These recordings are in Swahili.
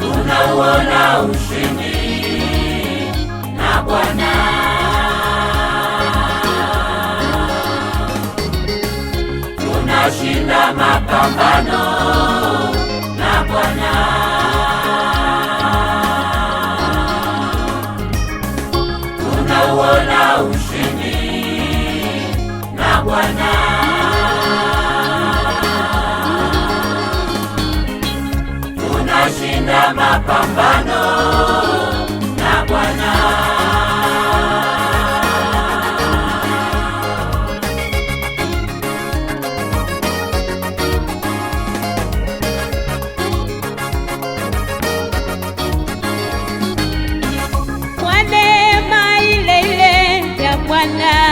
Unaona ushu mapambano na Bwana. ushindi na Bwana, mapambano now.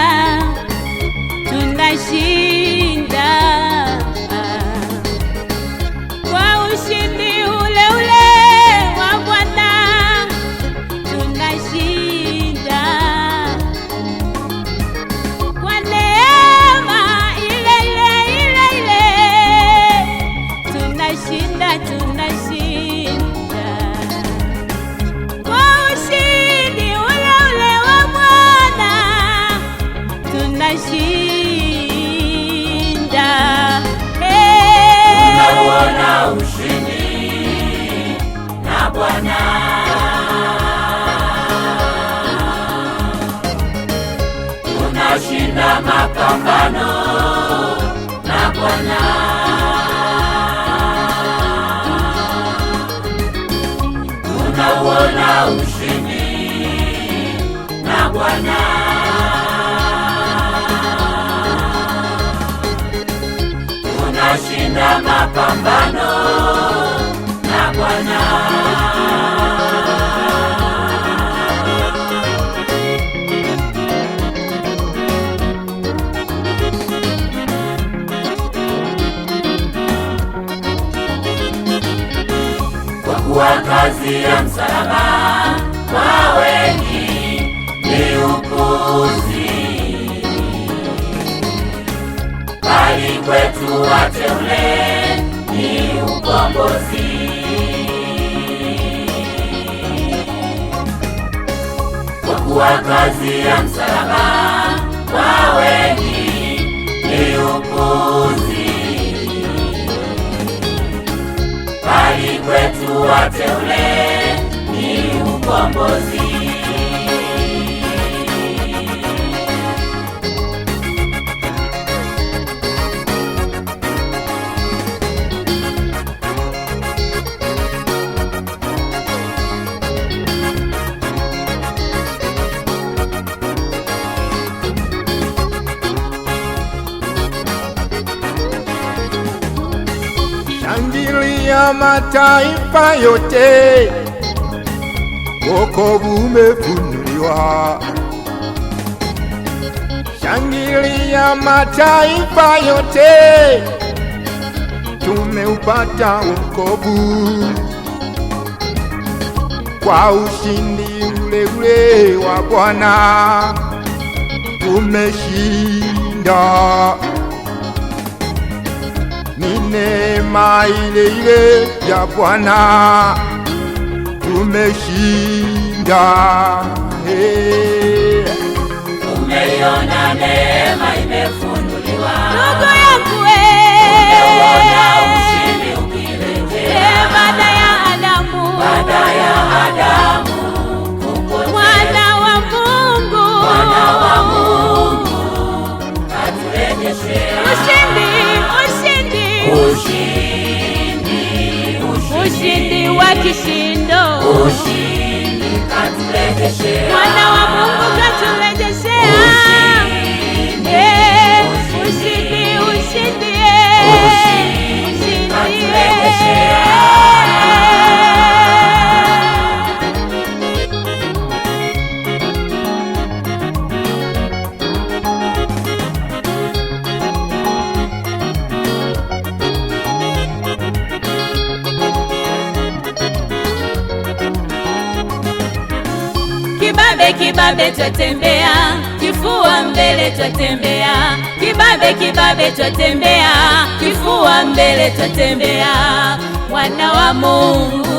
tunashinda. Tunauona ushindi na Bwana. Tunashinda mapambano na Bwana. Tunauona ushindi na Bwana. na mapambano na Bwana. Kwa kuwa kazi ya msalaba kwa wengi ni upuzi bali kwetu wateule ni ukombozi. Kwa kuwa kazi ya msalaba kwa wengi ni upuzi, bali kwetu wateule ni ukombozi. ya mataifa yote, wokovu umefunuliwa. Shangilia mataifa yote, tumeupata wokovu kwa ushindi ule ule wa Bwana tumeshinda neema ile ile ya Bwana tumeshinda. Hey. Umeiona neema This kibabe twatembea, kifua mbele twatembea, kibabe kibabe twatembea, kifua mbele twatembea. Mwana wa Mungu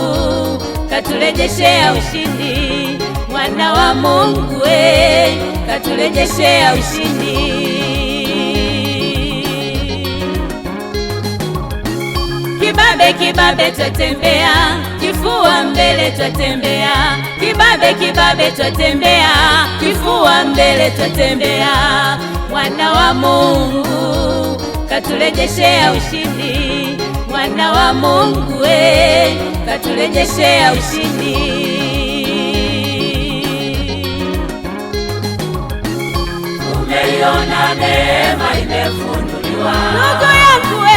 katurejeshea ushindi, mwana wa Mungu we katurejeshea ushindi. Kibabe kibabe twatembea kifua mbele twatembea, kibabe kibabe twatembea, kifua mbele twatembea. Mwana wa Mungu katurejeshea ushindi, mwana wa Mungu we katurejeshea ushindi. Umeiona neema imefunuliwa ndugu yangu we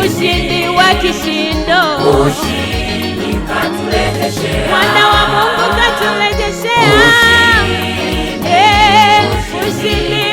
ushindi wa kishindo, mwana wa Mungu katurejesha, ushindi eh,